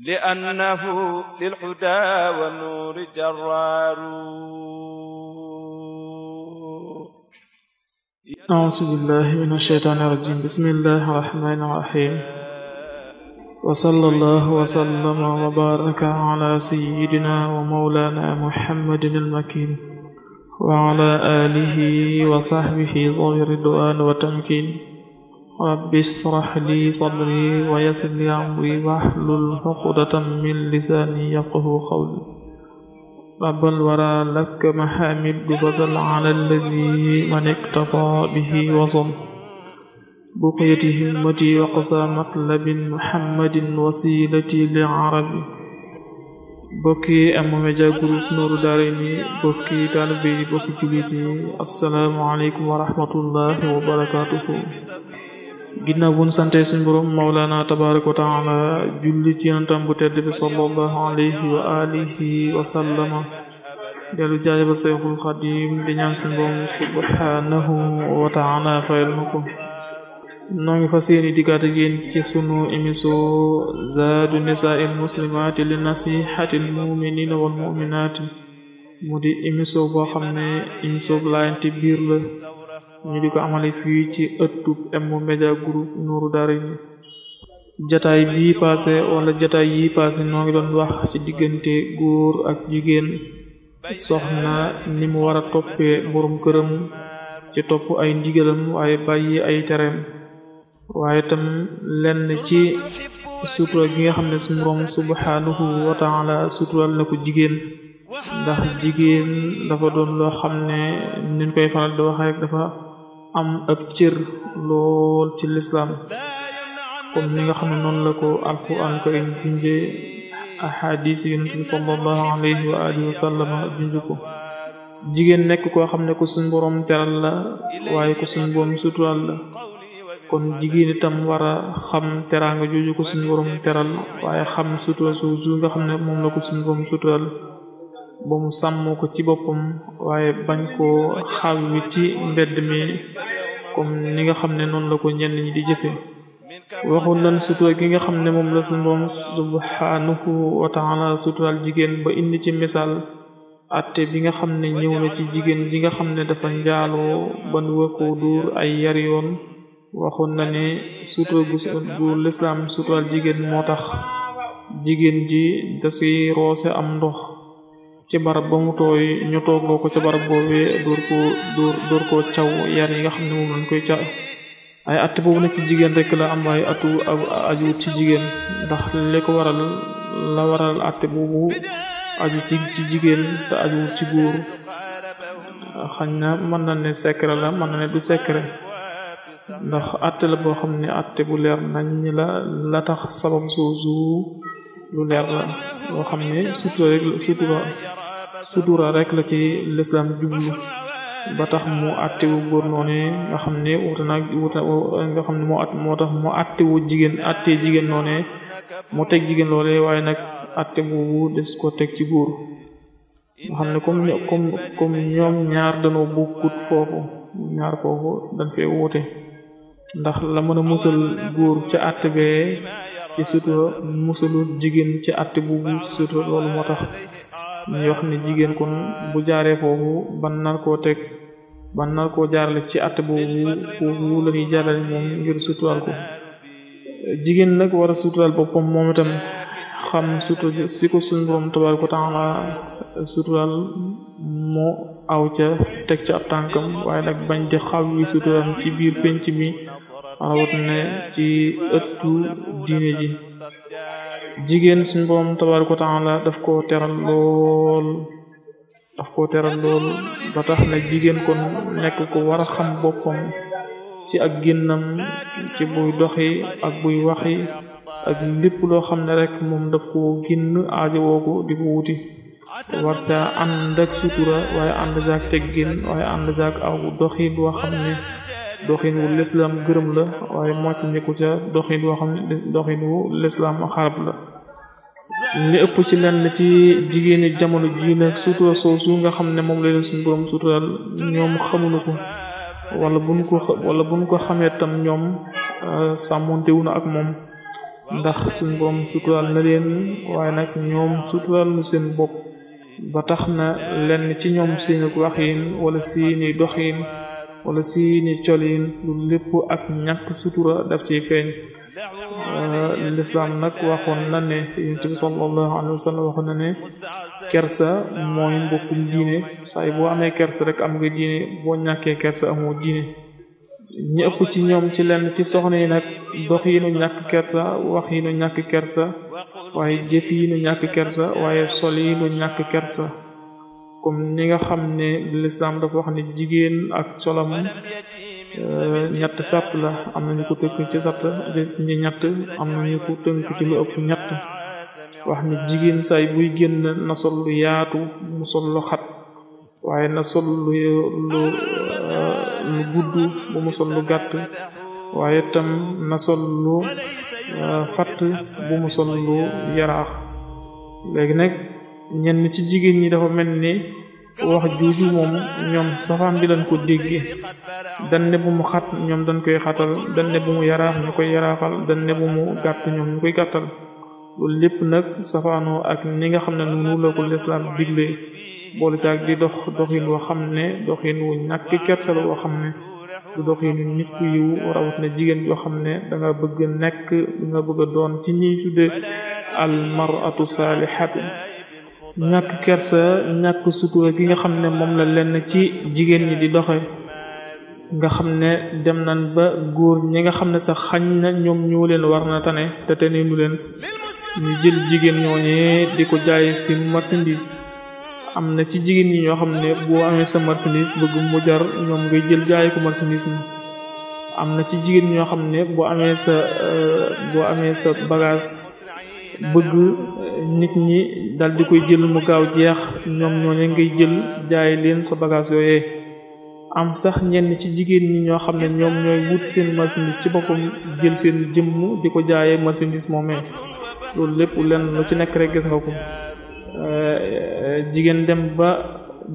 لأنه للحدى والنور جرار أعوذ بالله من الشيطان الرجيم بسم الله الرحمن الرحيم وصلى الله وسلم وبارك على سيدنا ومولانا محمد المكين وعلى آله وصحبه ظاهر الدعاء والتمكين rabbi israh li sadri wa yassir li amri wahlul uqdatan min lisaani yafqahu qawli rabbal wara lak mahamid bi fasal ala allazi man iktafa bihi wasam buqyati himmati wa qasa matlabin muhammadin wasilati li arabi bokki M-Media Group Nourou Darayni bokki taalibe yi bokki jullit yi assalaamu aleykum wa rahmatullahi wa barakatuhu ginnaaw bu sante suñ borom mawlana tabarak wa taala julli ci yonentam bu tedd bi sallallahu alayhi wa alihi wa sallama dellu jaay ba seexul xadim di ñaan suñ borom wa taala fayal nu ko noo ngi fas yéene dikkaat ak yéen ci sunu émission zaadu nisaa'il muslimaati li nasihatil muminina wal muminaati mu di émission boo xam ne émission bu biir la ñu di ko amale fii ci ëttub M-Media Group Nourou Darayni jataay bii passé wala jataay yi passé noo ngi doon wax ci diggante góor ak jigéen soxna ni mu war a toppee borom këram ci topp ay ndigalam waaye bay ay tereem waaye tam lenn ci sutura gi nga xam ne suñu borom subhanahu wa taala sutural na ko jigéen ndax jigéen dafa doon loo xam ne niñ koy faral di waxee dafa am ab cir lool ci lislaam kon ni nga xam ne noonu la ko alquran karim junje ahadis yonent bi sallallahu alayhi wa alihi wa sallam junj ko jigéen nekk koo xam ne ko suñ borom teral la waaye ko suñ borom sutural la kon jigéen itam war a xam teraanga jooju ko suñ borom teral waaye xam sutural su nga xam ne moom la ko suñ borom sutural ba mu sàmm ko ci boppam waaye bañ koo xawwi ci mbedd mi comme ni nga xam ne noonu la ko ñenn ñi di jëfe waxul lan sutura nga xam ne moom la suñu borom subhanahu wa sutural jigéen ba indi ci misaal atte bi nga xam ne ñëw na ci jigéen bi nga xam ne dafa njaaloo ba wër ko duur ay yar yoon waxoon na ne sutura gu gu sutural jigéen moo tax jigéen ji da si roose am ndox ci barab ba mu tooy ñu ko ca barab boobee dóor ko dóor dóor caw yar yi nga xam ne moom lañ koy ca ay att boobu na ci jigéen rek la am ay ci jigéen ndax li ko waral la waral att boobu aju ci ci jigéen te aju ci xañ na man na ne secret la mën na ne du secret ndax atte la boo xam ne atte bu leer nañ ñi la la tax sabab soosu lu leer la loo xam ne surtout sutura rek la ci lislaam jublu ba tax mu àttewu góor noonee nga xam ne nga xam ne moo at moo tax mu àttewu jigéen àtte jigéen noonee mu teg jigéen loolee waaye nag àtte boobu des ko teg ci góor nga xam ne comme comme ñoom ñaar danoo bokkut foofu ñaar foofu dañ fee wuute ndax la mën a musal góor ca bee ci sutura musalut jigéen ci àtte boobu sutura loolu moo tax ñuy wax ne jigéen kon bu jaaree foofu ban nar koo teg ban nar koo jaarale ci at boobu foofu la jaarale moom ngir suturaal ko jigéen nag war a suturaal boppam moom itam xam sutura si ko suñ borom tabaaraka wa taala moo aw ca teg ca ab tànkam waaye nag bañ di xaw yi ci biir penc mi rawat na ci ëttu diine ji jigéen suñ boom tabaraka taala daf koo teral daf koo teral lool ba tax na jigéen kon nekk ko war a xam boppam ci ak génnam ci buy doxi ak buy waxi ak lépp loo xam ne rek moom daf koo génn aajowoo ko di wuti war ca ànd ak sutura waaye ànd jaak teggin waaye ànd jaak aw doxin boo xam ne doxin wu lislaam gërëm la waaye moytandiku ca doxin boo xam ne doxin wu lislaam xarab la li ëpp ci lenn ci jigéeni jamono ji nag sutura soosu nga xam ne moom la leen suñu borom sutural ñoom xamuñu ko wala buñ ko ko xamee tam ñoom euh, sàmmonte wu na ak moom ndax suñu borom sutural na leen waaye nag ñoom sutural nu seen bopp ba tax na lenn ci ñoom seeni waxin wala seeni doxin wala seeni colin lu lépp ak ñàkk sutura daf ci feeñ Euh, lislaam nag waxoon na ne yonent bi sallallahu alayhi wa sallam waxoon kersa mooy mbokkum diine saay boo amee kersa rek am nga diine boo ñàkkee kersa amoo diine ñi ci ñoom ci lenn ci soxna yi nag dox yi nu ñàkk kersa wax yi nu ñàkk kersa waaye jëf yi nu ñàkk kersa waaye sol yi nu ñàkk kersa comme ni nga xam ne lislaam dafa wax ne jigéen ak solom ñett sàrt la am na ñu ko tënk ci sàrt ñu ñett am na ñu ko tënk ci lu ëpp ñett wax ni jigéen say buy génn na sol lu yaatu mu sol lu xat waaye na sol lu lu uh, gudd bu mu sol lu gàtt waaye tam na sol lu uh, fatt bu mu sol lu yaraax léegi nag ñenn ci jigéen ñi dafa mel nii wax jooju moom ñoom safaan bi lañ ko dégge dañ ne bu mu xat ñoom dañ koy xatal dañ bu mu yaraax ñu koy yaraaxal dañ ne bu mu gàtt ñoom ñu koy gàttal loolu lépp nag safaanoo ak ni nga xam ne noonu la ko lislaam digle boole saak di dox doxin woo xam ne doxin wu ñàkk kersa la woo xam ne du doxinu nit ku yiw rawat na jigéen yoo xam ne da bëgg nekk da nga bëgg a doon ci ñiy tudde al mar'atu saalihatu ñàkk kersa ñàkk sutura gi nga xam ne moom la lenn ci jigéen ñi di doxe nga xam ne dem nañ ba góor ñi nga xam ne sax xañ na ñoom ñoo leen war na tane te te nu leen ñu jël jigéen ñooñee di ko jaaye si marchandise am na ci jigéen ñi ñoo xam ne boo amee sa marchandise bëgg mu jar ñoom ngay jël jaay ko marchandise mi am na ci jigéen ñoo xam ne boo amee sa euh, boo amee sa bagage bëgg eh, nit ñi dal di koy jël mu gaaw jeex ñoom ñooñu ngay jël jaay leen sa bagage yooyee am sax ñenn ci jigéen ñi ñoo xam ne ñoom ñooy wut seen marchandise ci boppam jël seen jëmm di ko jaayee marchandise moomee loolu lépp lenn lu ci nekk rek gis nga ko eh, jigéen dem ba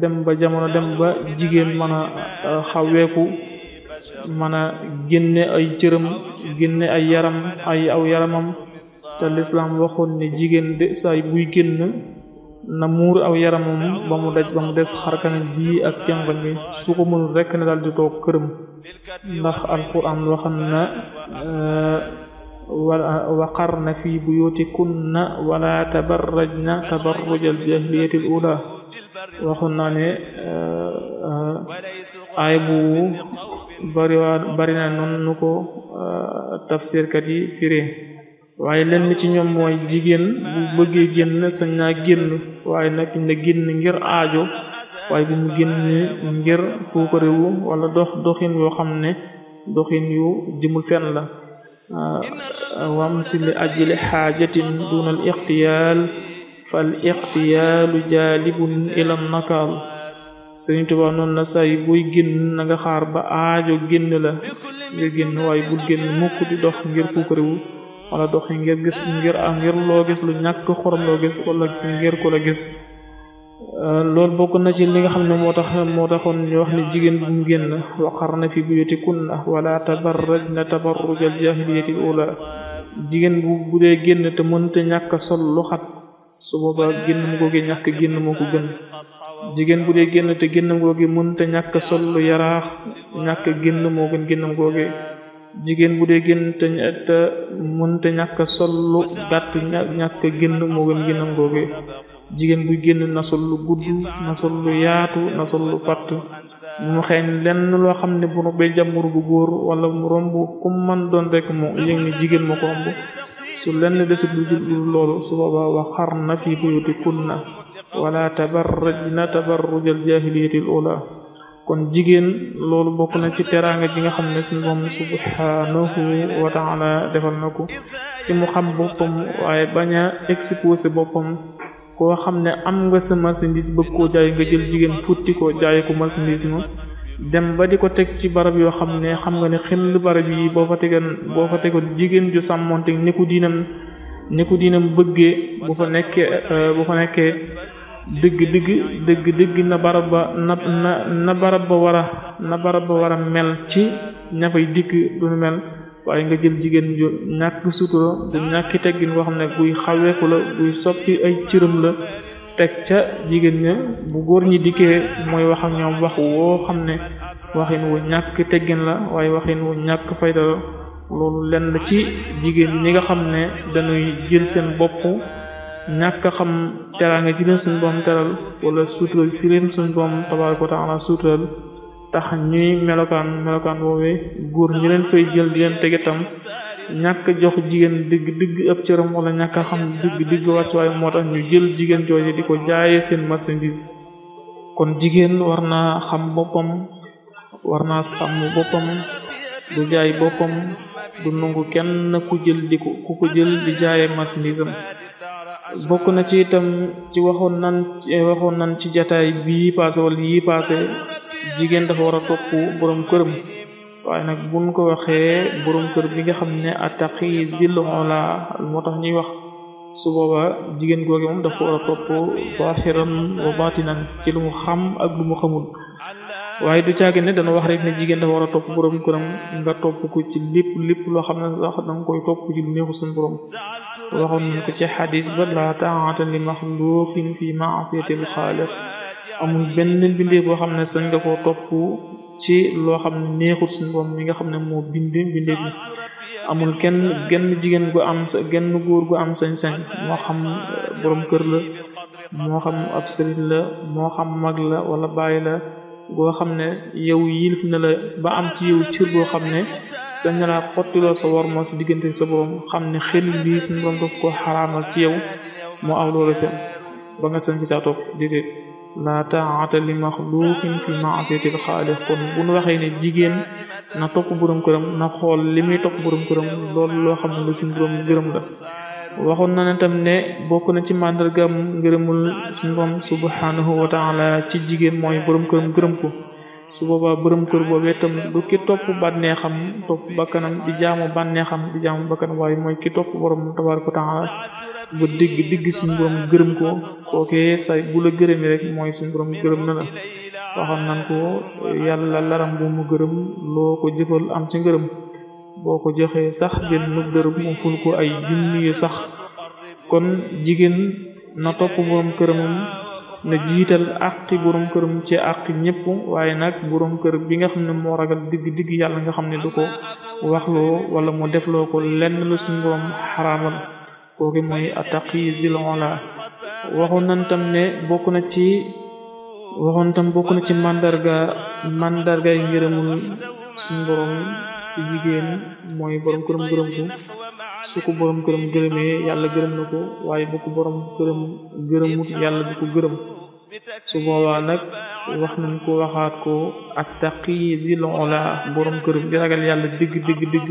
dem ba jamono dem ba jigéen mën a eh, xaweeku mën a génne ay cëram génne ay yaram ay aw yaramam te lislaam waxoon ne jigéen de saay buy génn na mur aw yaramam ba mu daj ba mu des xarkanam bii ak càngoñ bi su ko mënul rekk di toog këram ndax alquran waxam na wa qarna fi buyutikunna wala tabarrajna tabarrujal jahiliyatil ula waxoon naa ne aay bu bari waa nu ko tafsirkat yi firee waaye lenn ci ñoom mooy jigéen bu bëggee génn sañ naa génn waaye nag na génn ngir aajo waaye bu mu génn ngir kuuka réwu dox doxin yoo xam ne doxin yu jëmul fen la ah, wamsi li ajli xaajatin duna al ixtiyaal fa al ixtiyaalu jaalibun ila nakaal Sëriñ Tuubaa noonu la say buy génn na xaar ba aajo génn la nga génn waaye bu génn mukk di dox ngir kuuka wala doxi ngir gis ngir am ngir loo gis lu ñàkk xorom loo gis wala ngir ku la gis euh, lool bokk na ci li nga xam ne moo tax moo taxoon ñu wax ne jigéen bu mu génn waqarna fi buyutikunna wala tabarrajna tabarruj al jahiliyati ula jigéen bu bu génn te mënta ñàkk sol lu xat su booba génn mu googee ñàkk génn moo ko gën jigéen bu dee génn te génnam googi mënta ñàkk sol lu yaraax ñàkk génn moo gën génnam googee jigéen bu dee génn te te mënta ñàkk a sol lu gàtt ñàkk génn moo gën génnam jigéen bu génn na sol lu gudd na sol lu yaatu na sol lu fatt mu xeeñ lenn loo xam ne bu robbee jàmbur bu góor wala mu romb ku man doon rek mu jigéen moo ko su lenn desit lu jublu loolu su booba waxar na fi buyuti kunna wala tabarrajna tabarrujal jaahiliyatil ula kon jigéen loolu bokk na ci teraanga ji nga xam ne suñu moom subhanahu wa taala defal na ko ci mu xam boppam waaye bañ a exposé boppam koo xam ne am nga sa marchandise bëgg koo jaay nga jël jigéen futti koo jaay ko marchandise ma dem ba di ko teg ci barab yoo xam ne xam nga ne xel barab yi boo fa tegoon boo fa tegoon jigéen ju sàmmonte ni ku diinam ni ku diinam bëggee bu fa nekkee bu fa nekkee dëgg dëgg dëgg dëgg na barab ba na na barab ba war a barab ba war a mel ci ña fay dikk du nu mel waaye nga jël jigéen ju ñàkk sutura du ñàkki teggin boo xam ne buy xaweeku la buy soppi ay cëram la teg ca jigéen ña bu góor ñi dikkee mooy wax ak ñoom wax woo xam ne waxin wu ñàkk teggin la waaye waxin wu ñàkk fayda la loolu lenn ci jigéen ñi nga xam ne dañuy jël seen bopp ñàkk a xam teraanga ci leen suñ boom teral wala suutural ci leen suñ boom tabaaraka wa taala suutural tax ñuy melokaan melokaan woowee góor ñi leen fay jël di leen tege tam ñàkk jox jigéen digg digg ab cëram wala ñàkk a xam digg digg wàccuwaay moo tax ñu jël jigéen jooje di ko jaayee seen marchandise kon jigéen war naa xam boppam war naa sàmm boppam du jaay boppam du nangu kenn ku jël di ko ku ko jël di jaayee marchandise bokk na ci itam ci waxoon nan waxoon nan ci jataay bii passé wala yi passé jigéen dafa war a topp borom këram waaye nag buñ ko waxee borom kër bi nga xam ne attaqi zil ola moo tax ñuy wax su booba jigéen googe moom dafa war a topp zahiran wa batinan ci lu mu xam ak lu mu xamul waaye du caagin ne dana wax rek ne jigéen dafa war a topp borom këram nga topp ko ci lépp lépp loo xam ne sax danga koy topp ci lu neexu suñu borom waxoon nañ ko ci xadis ba laa taa'ata li maxluqin fi ma'siyati al-xaaliq amul benn bindee boo xam ne sañ nga koo topp ci loo xam ne neexut suñu borom mi nga xam ne moo bind bindee bi amul kenn genn jigéen gu am genn góor gu am sañ-sañ moo xam eh, borom kër la moo xam ab sëriñ la moo xam mag la wala baay la goo xam ne yow yilif na la ba am ci yow cër boo xam ne sañ na laa xottiloo sa war moo si diggante sa borom xam ne xel lii suñu borom ko xaraamal ci yow moo aw loola ca ba nga sañ ci saa topp déedéet laa taata li maxluqin fi maasiyatil xaaliq kon bu ñu waxee ne jigéen na topp boroom këram na xool li muy topp borom këram loolu loo xam ne lu gërëm la waxoon na ne tam ne bokk na ci màndargam ngërëmul suñu borom subhanahu wa taala ci jigéen mooy borom këram gërëm ko su boobaa borom kër boobee tam du ki topp bànneexam topp bakkanam di jaamu bànneexam di jaamu bakkanam waaye mooy ki topp borom tabaaraka wa taala ba digg digg suñu borom gërëm ko kookee say bu la gërëmee rek mooy suñu borom gërëm na la waxoon nan ko yàlla laram bu mu loo ko jëfal am ci ngërëm boo ko joxee sax jënnub dërëm mu ful ko ay junni sax kon jigéen na topp borom këramam na jiital àqi boroom këram ci àq ñépp waaye nag boroom kër bi nga xam ne moo ragal digg digg yàlla nga xam ne du ko waxloo wala mu defloo ko lenn lu suñ borom kooki mooy attaqi zilon la waxoon nañ tam ne bokk na ci waxoon tam bokk na ci mandarga mandarga yi ngërëmul te jigéen mooy borom këram gërëm ko su ko borom këram gërëmee yàlla gërëm na ko waaye bu ko borom këram gërëmut yàlla du ko gërëm su boobaa nag wax nañ ko waxaat ko ak taqi zil ula boroom këram di ragal yàlla dëgg dëgg dëgg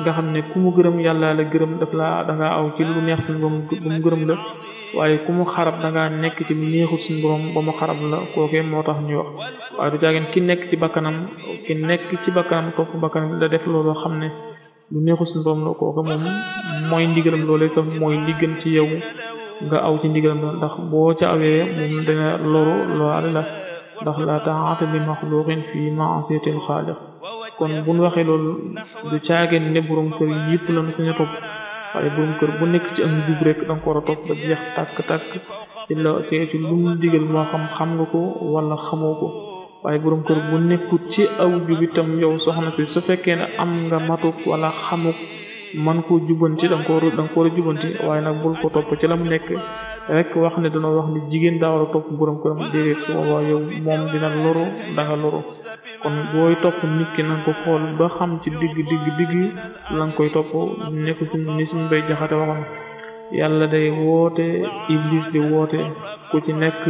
nga xam ne ku mu gërëm yàlla la gërëm daf la danga aw ci lu neex suñ ba mu gërëm la waaye ku mu xarab da ngaa nekk ci neexul suñu borom ba mu xarab la kooke moo tax ñuy wax waaye du jaageen ki nekk ci bakkanam ki nekk ci bakkanam topp bakkanam da def loolu xam ne lu neexul suñu borom la kooke moom mooy ndigalam loolee sax mooy ci yow nga aw ci ndigalam la ndax boo ca awee moom dana loru loraale la ndax la taa'ata li maxluqin fi ma'siyatil xaaliq kon buñ waxee loolu du caageen ne borom kër yëpp la ñu sañ a topp waaye borom kër bu nekk ci ak njub rek da ko war a topp ba jeex tàkk-tàkk ci la ci lu moo xam xam nga ko wala xamoo ko waaye borom kër bu nekkut ci aw jub itam yow soxna si su fekkee ne am nga matuk wala xamuk man koo jubanti da nga ko war da nga jubanti waaye nag bul ko topp ci la mu nekk rek wax ne danoo wax ni jigéen daa war a topp borom këram déedéet su boobaa yow moom dina loru da nga kon booy topp nit ki na nga ko xool ba xam ci digg digg digg la nga koy topp nekk si ni suñ bay jaxate waxoon yàlla day woote iblis di woote ku ci nekk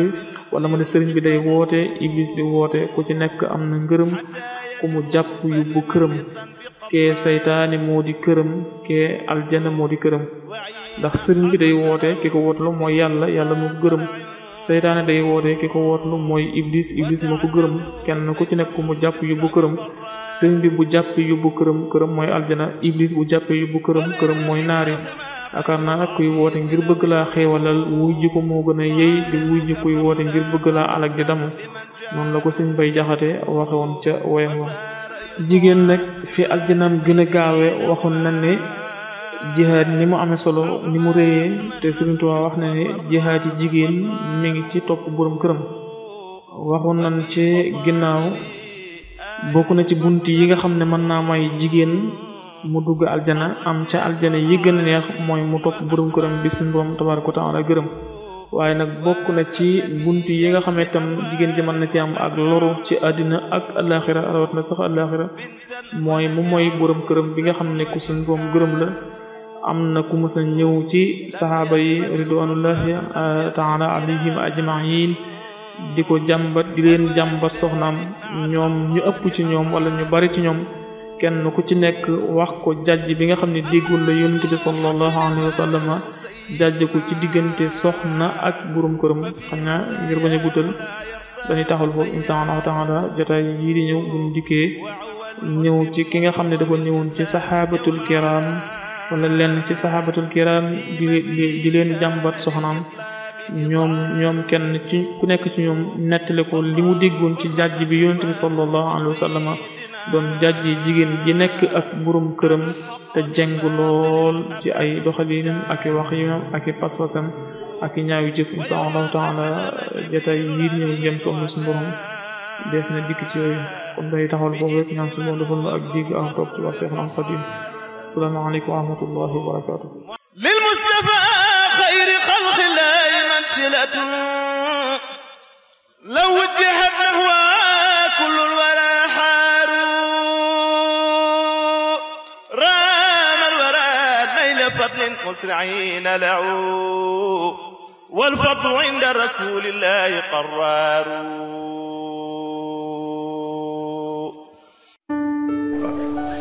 wala ma ne sëriñ bi day woote iblis di woote ku ci nekk am na ngërëm ku mu jàpp yóbbu këram kee saytaane moo di këram kee aljana moo di këram ndax sëriñ bi day woote ki ko woote lu mooy yàlla yàlla moo gërëm seytaane day wootee ki ko wootlu mooy iblis iblis moo ko gërëm kenn ku ci nekk mu jàpp yóbbu këram sëriñ bi bu jàppee yóbbu këram mooy aljana iblis bu jàppee yóbbu këram këram mooy naari akar naa nag kuy woote ngir bëgg laa xéewalal wuy ji ko moo gën a yey di wuy ji kuy woote ngir bëgg laa alag di damu noonu la ko sëñ bay jaxate waxe woon ca woyam wa jigéen nag fi aljanam gën a gaawe waxoon na ne jihaad ni mu amee solo ni mu réyee te Sëriñ Tuubaa wax na ni jihaad yi jigéen mi ngi ci topp borom këram waxoon nañ ci ginnaaw bokk na ci bunt yi nga xam ne mën naa may jigéen mu dugg aljana am ca aljana yi gën a neex mooy mu topp borom këram bi suñu borom tabaaraka wa taala gërëm waaye nag bokk na ci bunt yi nga xam tam jigéen ji mën na ci am ak loru ci àddina ak alaxira rawat na sax alaxira mooy mu mooy borom këram bi nga xam ne ku suñu borom gërëm la am na ku mës a ñëw ci saxaaba yi ridwanullahi eh, taala alayhim ajmain di ko jàmbat di leen jàmbat soxnaam ñoom ñu ëpp ci ñoom wala ñu bari ci ñoom kenn ku ci nekk wax ko jàjj bi nga xam ne déggul la yonent bi sallallahu alayhi wa jàjj ko ci diggante soxna ak burum këram xam naa ngir bañ a guddal dañuy taxul foofu insha Allah taala jotaay yii di ñëw buñ dikkee ñëw ci ki nga xam ne dafa ñëwoon ci saxaabatul kiram wala lenn ci saxaabatul kiram di di leen jàmbat soxnaam ñoom ñoom kenn ci ku nekk ci ñoom nettali ko li mu déggoon ci jàjj bi yonent bi sallallahu alayhi wa sallam doon jàjj jigéen ji nekk ak borom këram te jeng lool ci ay doxalinam ak wax i waxinam ak i pas-pasam ak i ñaaw jëf insha allahu taala jataay yii ñëw jëm su amul suñu borom na dikk ci yooyu kon day taxawal foofu rek ñaan suñu borom defal ak digg ak topp ci wax Seexul asalaamu aleykum wa rahmatullahi wa barakaatu lil mustafa xayri xalqi laahi mansilatu law wajjahat nahwa kullul wara xaaru raamal wara nayla fadlin musriina lahu wal fadlu inda rasulillahi qaraaru